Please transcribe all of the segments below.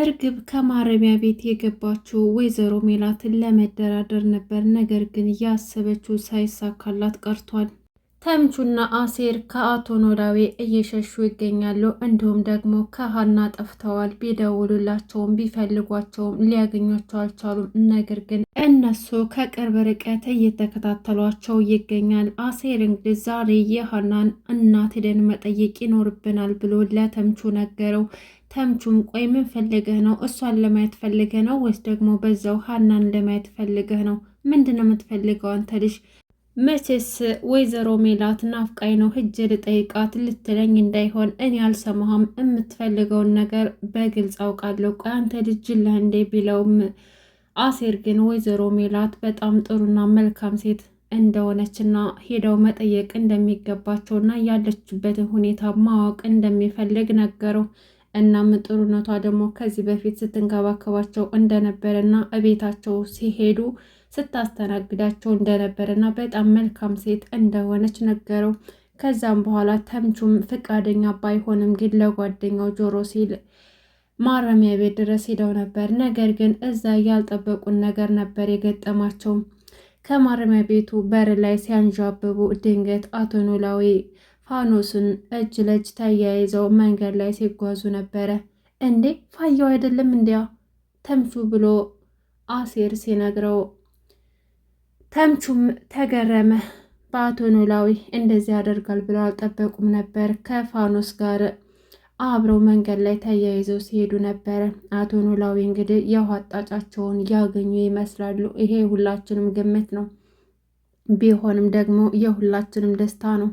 እርግብ ከማረሚያ ቤት የገባችው ወይዘሮ ሜላትን ለመደራደር ነበር። ነገር ግን ያሰበችው ሳይሳካላት ቀርቷል። ተምቹና አሴር ከአቶ ኖላዊ እየሸሹ ይገኛሉ። እንዲሁም ደግሞ ከሀና ጠፍተዋል። ቢደውሉላቸውም ቢፈልጓቸውም ሊያገኟቸው አልቻሉም። ነገር ግን እነሱ ከቅርብ ርቀት እየተከታተሏቸው ይገኛል። አሴር እንግዲህ ዛሬ የሀናን እናት ሄደን መጠየቅ ይኖርብናል ብሎ ለተምቹ ነገረው። ተምቹም ቆይ ምን ፈልገህ ነው? እሷን ለማየት ፈልገህ ነው ወይስ ደግሞ በዛው ሀናን ለማየት ፈልገህ ነው? ምንድን ነው የምትፈልገው አንተ ልጅ? መቼስ ወይዘሮ ሜላት ናፍቃይ ነው ህጅ ልጠይቃት ልትለኝ እንዳይሆን እኔ አልሰማሁም። የምትፈልገውን ነገር በግልጽ አውቃለሁ። ቆይ አንተ ልጅ ጅለህ እንዴ ቢለውም አሴር ግን ወይዘሮ ሜላት በጣም ጥሩና መልካም ሴት እንደሆነችና ሄደው መጠየቅ እንደሚገባቸውና ያለችበትን ሁኔታ ማወቅ እንደሚፈልግ ነገረው። እናም ጥሩነቷ ደግሞ ከዚህ በፊት ስትንከባከባቸው እንደነበረና እቤታቸው ሲሄዱ ስታስተናግዳቸው እንደነበረና በጣም መልካም ሴት እንደሆነች ነገረው። ከዛም በኋላ ተምቹም ፍቃደኛ ባይሆንም ግን ለጓደኛው ጆሮ ሲል ማረሚያ ቤት ድረስ ሄደው ነበር። ነገር ግን እዛ ያልጠበቁን ነገር ነበር የገጠማቸው። ከማረሚያ ቤቱ በር ላይ ሲያንዣብቡ ድንገት አቶ ኖላዊ ፋኖስን እጅ ለእጅ ተያይዘው መንገድ ላይ ሲጓዙ ነበረ። እንዴ ፋየው አይደለም እንዲያ ተምቹ ብሎ አሴር ሲነግረው ተምቹም ተገረመ። በአቶ ኖላዊ እንደዚህ ያደርጋል ብለው አልጠበቁም ነበር። ከፋኖስ ጋር አብረው መንገድ ላይ ተያይዘው ሲሄዱ ነበረ። አቶ ኖላዊ እንግዲህ የውሃ አጣጫቸውን ያገኙ ይመስላሉ። ይሄ የሁላችንም ግምት ነው፣ ቢሆንም ደግሞ የሁላችንም ደስታ ነው።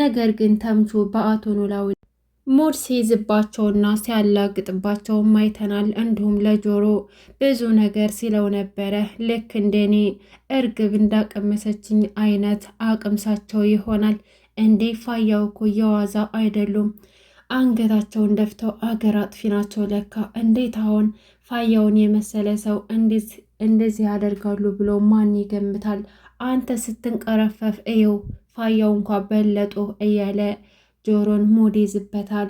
ነገር ግን ተምቹ በአቶ ኖላዊ ሞድ ሲይዝባቸውና ሲያላግጥባቸው አይተናል። እንዲሁም ለጆሮ ብዙ ነገር ሲለው ነበረ። ልክ እንደኔ እርግብ እንዳቀመሰችኝ አይነት አቅምሳቸው ይሆናል እንዴ? ፋያው እኮ የዋዛ አይደሉም። አንገታቸውን ደፍተው አገር አጥፊ ናቸው ለካ። እንዴት አሁን ፋያውን የመሰለ ሰው እንደዚህ ያደርጋሉ ብሎ ማን ይገምታል? አንተ ስትንቀረፈፍ እየው ፋያው እንኳ በለጦ እያለ ጆሮን ሙድ ይዝበታል።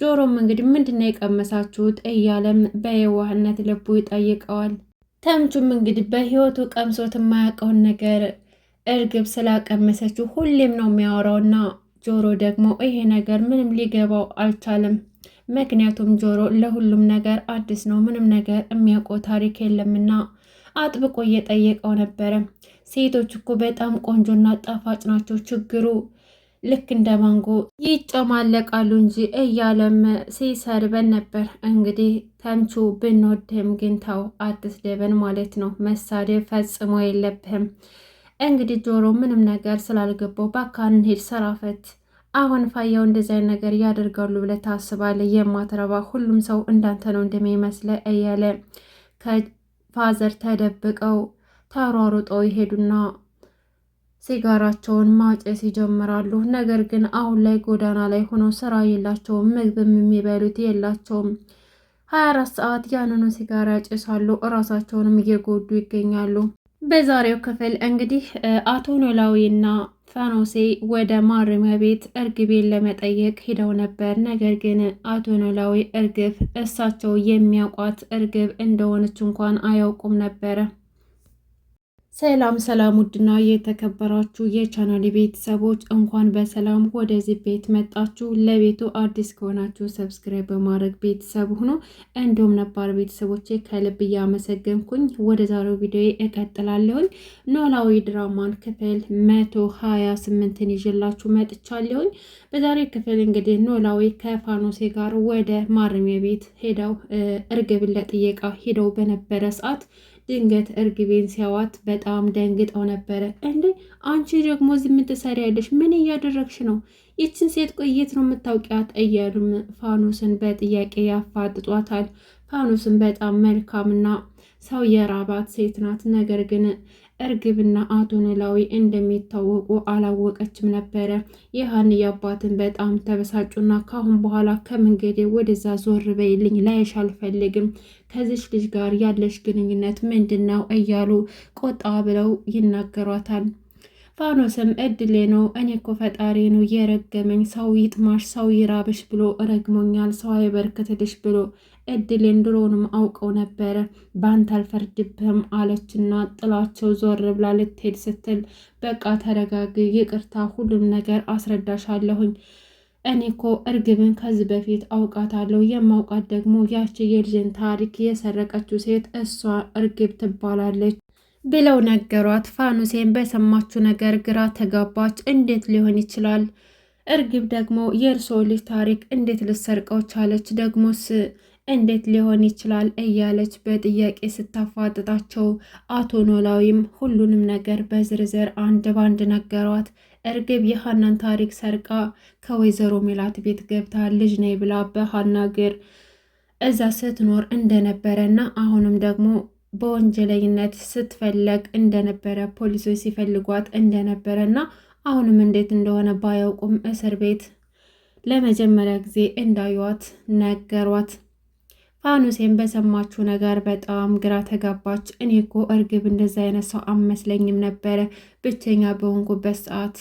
ጆሮም እንግዲህ ምንድን ነው የቀመሳችሁት እያለም በየዋህነት ልቡ ይጠይቀዋል። ተምቹም እንግዲህ በህይወቱ ቀምሶት የማያውቀውን ነገር እርግብ ስላቀመሰችው ሁሌም ነው የሚያወራውና ጆሮ ደግሞ ይሄ ነገር ምንም ሊገባው አልቻለም። ምክንያቱም ጆሮ ለሁሉም ነገር አዲስ ነው፣ ምንም ነገር የሚያውቀው ታሪክ የለምና አጥብቆ እየጠየቀው ነበረ። ሴቶች እኮ በጣም ቆንጆና ጣፋጭ ናቸው። ችግሩ ልክ እንደ ማንጎ ይጨማለቃሉ እንጂ እያለም ሲሰርበን ነበር። እንግዲህ ተምቹ ብንወድህም ግን ተው አትስደበን ማለት ነው። መሳደብ ፈጽሞ የለብህም። እንግዲህ ጆሮ ምንም ነገር ስላልገባው በአካል ሄድ ሰራፈት አሁን ፋያው እንደዚያ ነገር ያደርጋሉ ብለ ታስባለ የማትረባ ሁሉም ሰው እንዳንተ ነው እንደሚመስለ እያለ ከፋዘር ተደብቀው ተሯሩጠው ይሄዱና ሲጋራቸውን ማጨስ ይጀምራሉ። ነገር ግን አሁን ላይ ጎዳና ላይ ሆነው ስራ የላቸውም፣ ምግብም የሚበሉት የላቸውም። ሀያ አራት ሰዓት ያንኑ ሲጋራ ያጭሳሉ፣ እራሳቸውንም እየጎዱ ይገኛሉ። በዛሬው ክፍል እንግዲህ አቶ ኖላዊና ፈኖሴ ወደ ማረሚያ ቤት እርግቤን ለመጠየቅ ሂደው ነበር። ነገር ግን አቶ ኖላዊ እርግብ እሳቸው የሚያውቋት እርግብ እንደሆነች እንኳን አያውቁም ነበረ። ሰላም ሰላም ውድና የተከበራችሁ የቻናል ቤተሰቦች እንኳን በሰላም ወደዚህ ቤት መጣችሁ። ለቤቱ አዲስ ከሆናችሁ ሰብስክራይብ በማድረግ ቤተሰብ ሁኑ። እንዲሁም ነባር ቤተሰቦቼ ከልብ እያመሰገንኩኝ ወደ ዛሬው ቪዲዮ እቀጥላለሁኝ። ኖላዊ ድራማን ክፍል መቶ ሀያ ስምንትን ይዤላችሁ መጥቻለሁኝ። በዛሬ ክፍል እንግዲህ ኖላዊ ከፋኖሴ ጋር ወደ ማረሚያ ቤት ሄደው እርግብን ለጥየቃ ሄደው በነበረ ሰዓት ድንገት እርግቤን ሲያዋት በጣም ደንግጠው ነበረ። እንዴ አንቺ ደግሞ እዚህ ምን ትሰሪያለሽ? ምን እያደረግሽ ነው? ይችን ሴት ቆየት ነው የምታውቂያት? እያሉም ፋኖስን በጥያቄ ያፋጥጧታል። ፋኖስን በጣም መልካምና ሰው የራባት ሴት ናት። ነገር ግን እርግብና አቶ ኖላዊ እንደሚታወቁ አላወቀችም ነበረ። ይህን አባትን በጣም ተበሳጩና ካሁን በኋላ ከመንገዴ ወደዛ ዞር በይልኝ፣ ላይሽ አልፈልግም፣ ከዚች ልጅ ጋር ያለሽ ግንኙነት ምንድን ነው እያሉ ቆጣ ብለው ይናገሯታል። ፋኖስም እድሌ ነው እኔ እኮ ፈጣሪ ነው የረገመኝ፣ ሰው ይጥማሽ፣ ሰው ይራብሽ ብሎ ረግሞኛል፣ ሰው አይበርክትልሽ ብሎ እድሌን ድሮውንም አውቀው ነበረ፣ በአንተ አልፈርድብህም አለችና ጥላቸው ዞር ብላ ልትሄድ ስትል በቃ ተረጋግ፣ ይቅርታ፣ ሁሉም ነገር አስረዳሻለሁኝ። እኔ እኮ እርግብን ከዚህ በፊት አውቃታለሁ። የማውቃት ደግሞ ያቺ የልጅን ታሪክ የሰረቀችው ሴት እሷ እርግብ ትባላለች ብለው ነገሯት። ፋኑሴን በሰማችው ነገር ግራ ተጋባች። እንዴት ሊሆን ይችላል? እርግብ ደግሞ የእርሶ ልጅ ታሪክ እንዴት ልሰርቀው ቻለች? ደግሞስ እንዴት ሊሆን ይችላል እያለች በጥያቄ ስታፋጥጣቸው አቶ ኖላዊም ሁሉንም ነገር በዝርዝር አንድ ባንድ ነገሯት። እርግብ የሀናን ታሪክ ሰርቃ ከወይዘሮ ሜላት ቤት ገብታ ልጅ ነይ ብላ በሀና እግር እዛ ስትኖር እንደነበረ እና አሁንም ደግሞ በወንጀለኝነት ስትፈለግ እንደነበረ ፖሊሶች ሲፈልጓት እንደነበረ አሁንም እንዴት እንደሆነ ባያውቁም እስር ቤት ለመጀመሪያ ጊዜ እንዳዩዋት ነገሯት። ፋኑሴን በሰማችው ነገር በጣም ግራ ተጋባች። እኔ እኮ እርግብ እንደዛ አይነት ሰው አመስለኝም ነበረ። ብቸኛ በሆንኩበት ሰዓት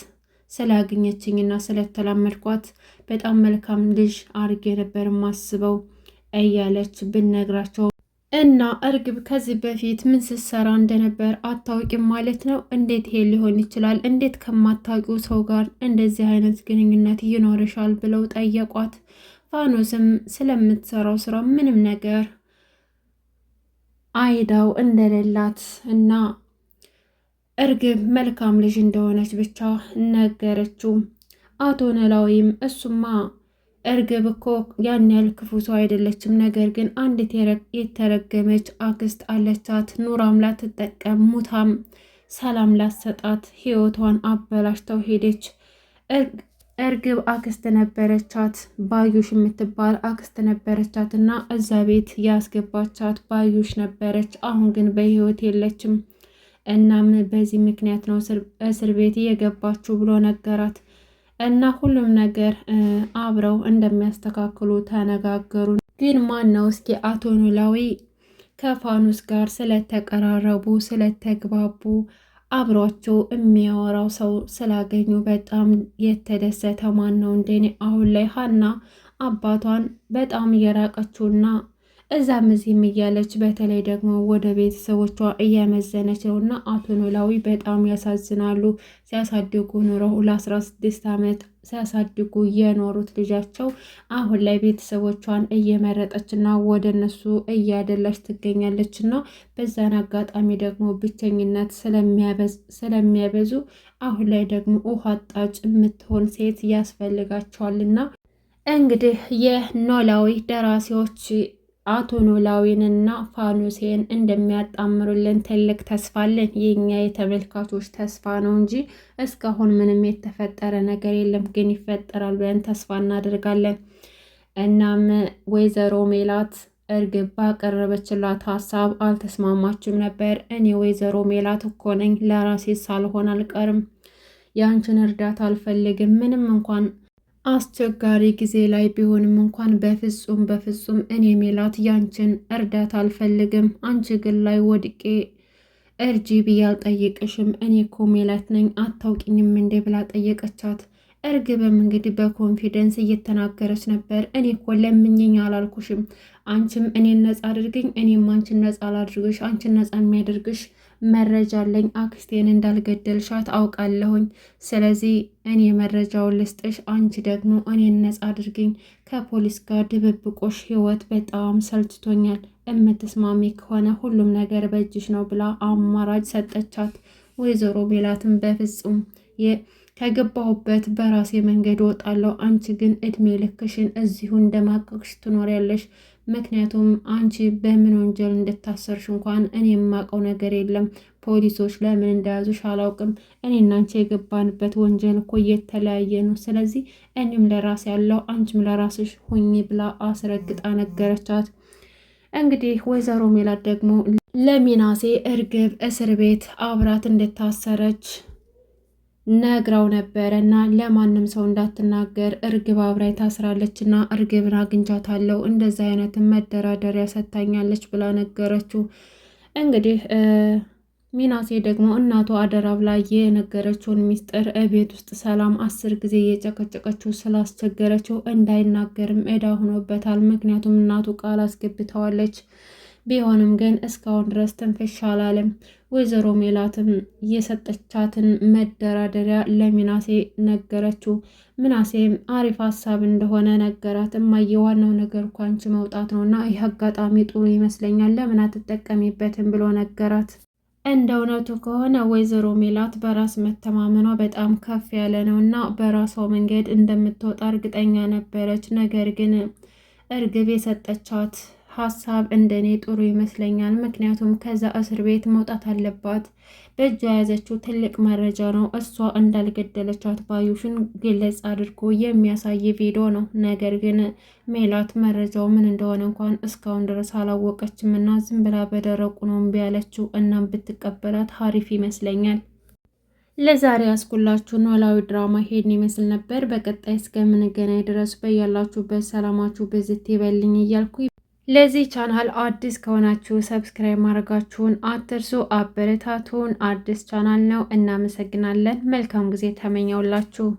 ስላገኘችኝና ስለተላመድኳት በጣም መልካም ልጅ አድርጌ ነበር ማስበው እያለች ብነግራቸው እና እርግብ ከዚህ በፊት ምን ስትሰራ እንደነበር አታውቂም ማለት ነው? እንዴት ይሄ ሊሆን ይችላል? እንዴት ከማታውቂው ሰው ጋር እንደዚህ አይነት ግንኙነት ይኖርሻል? ብለው ጠየቋት። ፋኖስም ስለምትሰራው ስራ ምንም ነገር አይዳው እንደሌላት እና እርግብ መልካም ልጅ እንደሆነች ብቻ ነገረችው። አቶ ኖላዊም እሱማ እርግብ እኮ ያን ያህል ክፉ ሰው አይደለችም፣ ነገር ግን አንዲት የተረገመች አክስት አለቻት። ኑራም ላትጠቀም ሙታም ሰላም ላትሰጣት ህይወቷን አበላሽተው ሄደች። እርግብ አክስት ነበረቻት፣ ባዩሽ የምትባል አክስት ነበረቻት እና እዛ ቤት ያስገባቻት ባዩሽ ነበረች። አሁን ግን በህይወት የለችም። እናም በዚህ ምክንያት ነው እስር ቤት እየገባችሁ ብሎ ነገራት እና ሁሉም ነገር አብረው እንደሚያስተካክሉ ተነጋገሩ። ግን ማን ነው እስኪ አቶ ኖላዊ ከፋኑስ ጋር ስለተቀራረቡ ስለተግባቡ አብሯቸው የሚያወራው ሰው ስላገኙ በጣም የተደሰተ ማን ነው እንዴ? አሁን ላይ ሀና አባቷን በጣም እየራቀችውና እዛም እዚህም እያለች በተለይ ደግሞ ወደ ቤተሰቦቿ እያመዘነች ነው እና አቶ ኖላዊ በጣም ያሳዝናሉ። ሲያሳድጉ ኑረው ለ16 ዓመት ሲያሳድጉ የኖሩት ልጃቸው አሁን ላይ ቤተሰቦቿን እየመረጠችና ወደ እነሱ እያደላች ትገኛለች እና በዛን አጋጣሚ ደግሞ ብቸኝነት ስለሚያበዙ አሁን ላይ ደግሞ ውሃ ጣጭ የምትሆን ሴት ያስፈልጋቸዋልና እንግዲህ የኖላዊ ደራሲዎች አቶ ኖላዊንና ፋኖሴን እንደሚያጣምሩልን ትልቅ ተስፋ አለን። የእኛ የተመልካቾች ተስፋ ነው እንጂ እስካሁን ምንም የተፈጠረ ነገር የለም፣ ግን ይፈጠራል ብለን ተስፋ እናደርጋለን። እናም ወይዘሮ ሜላት እርግብ ባቀረበችላት ሀሳብ አልተስማማችም ነበር። እኔ ወይዘሮ ሜላት እኮ ነኝ፣ ለራሴ ሳልሆን አልቀርም። ያንችን እርዳታ አልፈልግም ምንም እንኳን አስቸጋሪ ጊዜ ላይ ቢሆንም እንኳን በፍጹም በፍጹም እኔ ሜላት ያንችን እርዳታ አልፈልግም። አንቺ ግን ላይ ወድቄ እርጂ ብዬ አልጠየቅሽም። እኔ እኮ ሜላት ነኝ አታውቂኝም እንዴ ብላ ጠየቀቻት። እርግብም እንግዲህ በኮንፊደንስ እየተናገረች ነበር። እኔ እኮ ለምኝኝ አላልኩሽም። አንቺም እኔን ነፃ አድርግኝ፣ እኔም አንቺን ነፃ አላድርግሽ። አንቺን ነፃ የሚያደርግሽ መረጃ አለኝ፣ አክስቴን እንዳልገደልሻት አውቃለሁኝ። ስለዚህ እኔ መረጃውን ልስጥሽ፣ አንቺ ደግሞ እኔን ነጻ አድርግኝ። ከፖሊስ ጋር ድብብቆሽ ህይወት በጣም ሰልችቶኛል። የምትስማሚ ከሆነ ሁሉም ነገር በእጅሽ ነው ብላ አማራጭ ሰጠቻት። ወይዘሮ ሜላትን በፍጹም ከገባሁበት በራሴ መንገድ እወጣለሁ። አንቺ ግን እድሜ ልክሽን እዚሁ እንደማቀቅሽ ትኖሪያለሽ። ምክንያቱም አንቺ በምን ወንጀል እንድታሰርሽ እንኳን እኔ የማውቀው ነገር የለም። ፖሊሶች ለምን እንደያዙሽ አላውቅም። እኔ እናንቺ የገባንበት ወንጀል እኮ እየተለያየ ነው። ስለዚህ እኔም ለራሴ ያለው አንቺም ለራስሽ ሁኚ ብላ አስረግጣ ነገረቻት። እንግዲህ ወይዘሮ ሜላት ደግሞ ለሚናሴ እርግብ እስር ቤት አብራት እንደታሰረች ነግራው ነበረ እና ለማንም ሰው እንዳትናገር እርግብ አብራይ ታስራለች እና እርግብን አግኝቻታለሁ እንደዚ አይነት መደራደሪያ ሰታኛለች ብላ ነገረችው። እንግዲህ ሚናሴ ደግሞ እናቱ አደራ ብላ የነገረችውን ሚስጥር ቤት ውስጥ ሰላም አስር ጊዜ እየጨቀጨቀችው ስላስቸገረችው እንዳይናገርም እዳ ሆኖበታል። ምክንያቱም እናቱ ቃል አስገብተዋለች። ቢሆንም ግን እስካሁን ድረስ ትንፍሻ አላለም። ወይዘሮ ሜላትም የሰጠቻትን መደራደሪያ ለሚናሴ ነገረችው። ምናሴም አሪፍ ሀሳብ እንደሆነ ነገራት። እማዬ ዋናው ነገር እኮ አንቺ መውጣት ነው እና ይህ አጋጣሚ ጥሩ ይመስለኛል ለምን አትጠቀሚበትም ብሎ ነገራት። እንደ እውነቱ ከሆነ ወይዘሮ ሜላት በራስ መተማመኗ በጣም ከፍ ያለ ነው እና በራሷ መንገድ እንደምትወጣ እርግጠኛ ነበረች። ነገር ግን እርግብ የሰጠቻት ሀሳብ እንደኔ ጥሩ ይመስለኛል። ምክንያቱም ከዛ እስር ቤት መውጣት አለባት። በእጇ የያዘችው ትልቅ መረጃ ነው። እሷ እንዳልገደለቻት ባዩሽን ግልጽ አድርጎ የሚያሳይ ቪዲዮ ነው። ነገር ግን ሜላት መረጃው ምን እንደሆነ እንኳን እስካሁን ድረስ አላወቀችም እና ዝም ብላ በደረቁ ነው እምቢ ያለችው። እናም ብትቀበላት ሀሪፍ ይመስለኛል። ለዛሬ ያስኩላችሁ ኖላዊ ድራማ ሄድን ይመስል ነበር። በቀጣይ እስከምንገናኝ ድረስ በያላችሁበት ሰላማችሁ ብዝት ይበልኝ እያልኩ ለዚህ ቻናል አዲስ ከሆናችሁ ሰብስክራይብ ማድረጋችሁን አትርሱ። አበረታቱን። አዲስ ቻናል ነው። እናመሰግናለን። መልካም ጊዜ ተመኘውላችሁ።